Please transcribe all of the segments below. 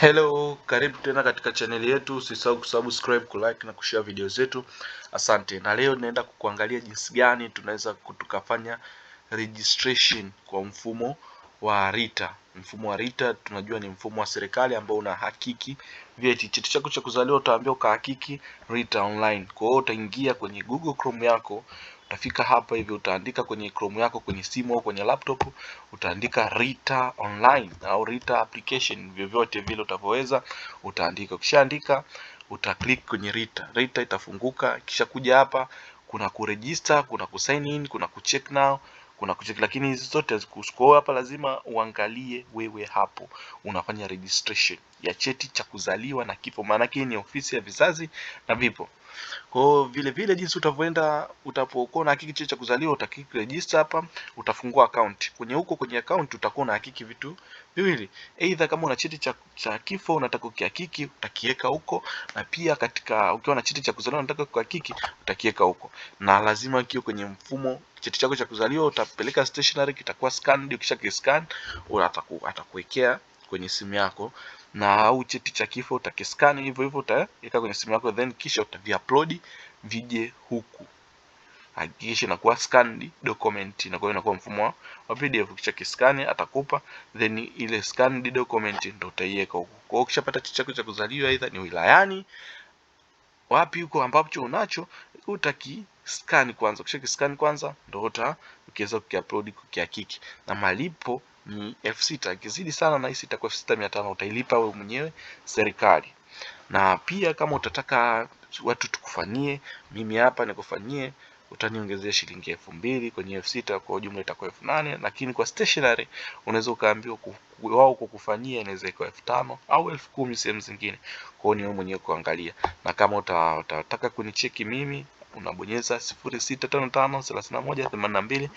Hello, karibu tena katika chaneli yetu. Usisahau kusubscribe, kulike na kushare video zetu. Asante. Na leo naenda kukuangalia jinsi gani tunaweza tukafanya registration kwa mfumo wa RITA. Mfumo wa RITA tunajua ni mfumo wa serikali ambao una hakiki vyeti. Cheti chako cha kuzaliwa utaambiwa ukahakiki RITA online. Kwa hiyo utaingia kwenye Google Chrome yako, utafika hapa hivi, utaandika kwenye Chrome yako kwenye simu au kwenye laptop, utaandika RITA online au RITA application, vyovyote vile utapoweza utaandika. Ukishaandika uta click kwenye RITA. RITA itafunguka, kisha kuja hapa kuna kuregister, kuna kusign in, kuna kucheck now kuna kucheki, lakini hizi zote hazikuhusu. Kwa hiyo hapa lazima uangalie wewe hapo unafanya registration ya cheti cha kuzaliwa na kifo, maanake ni ofisi ya vizazi na vipo. Kwa hiyo vile vile jinsi utavyoenda utapokuwa na hakiki cheti cha kuzaliwa utakiki register hapa, utafungua account. Kwenye huko kwenye account utakuwa na hakiki vitu viwili, aidha kama una cheti cha, cha kifo unataka ukihakiki utakiweka huko, na pia katika ukiwa na cheti cha kuzaliwa unataka kuhakiki utakiweka huko, na lazima kiwe kwenye mfumo cheti chako cha kuzaliwa utapeleka stationery, kitakuwa scanned. Ukisha kiscan atakuwekea kwenye simu yako, na au cheti cha kifo utakiscan hivyo hivyo, utaweka kwenye simu yako, then kisha utaviupload vije huku. Hakikisha inakuwa scanned document, inakuwa inakuwa mfumo wa PDF. Ukisha kiscan atakupa, then ile scanned document ndio utaiweka huko. Kwa hiyo ukishapata cheti chako cha kuzaliwa, aidha ni wilayani wapi huko ambacho unacho utaki scan kwanza. Ukishaki scan kwanza ndio uta ukiweza kukiupload kukihakiki, na malipo ni elfu sita ikizidi sana na hisi itakuwa elfu sita mia tano utailipa wewe mwenyewe serikali. Na pia kama utataka watu tukufanyie, mimi hapa nikufanyie utaniongezea shilingi elfu mbili kwenye elfu sita kwa jumla itakuwa elfu nane lakini kwa stationary unaweza ukaambiwa wao kwa kufanyia inaweza ikawa elfu tano au elfu kumi sehemu zingine Kwa hiyo ni wewe mwenyewe kuangalia na kama utataka kunicheki mimi unabonyeza 0655318217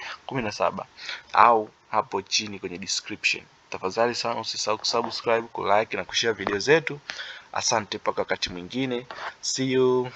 au hapo chini kwenye description. Tafadhali sana usisahau kusubscribe, kulike na kushare video zetu. Asante mpaka wakati mwingine, see you.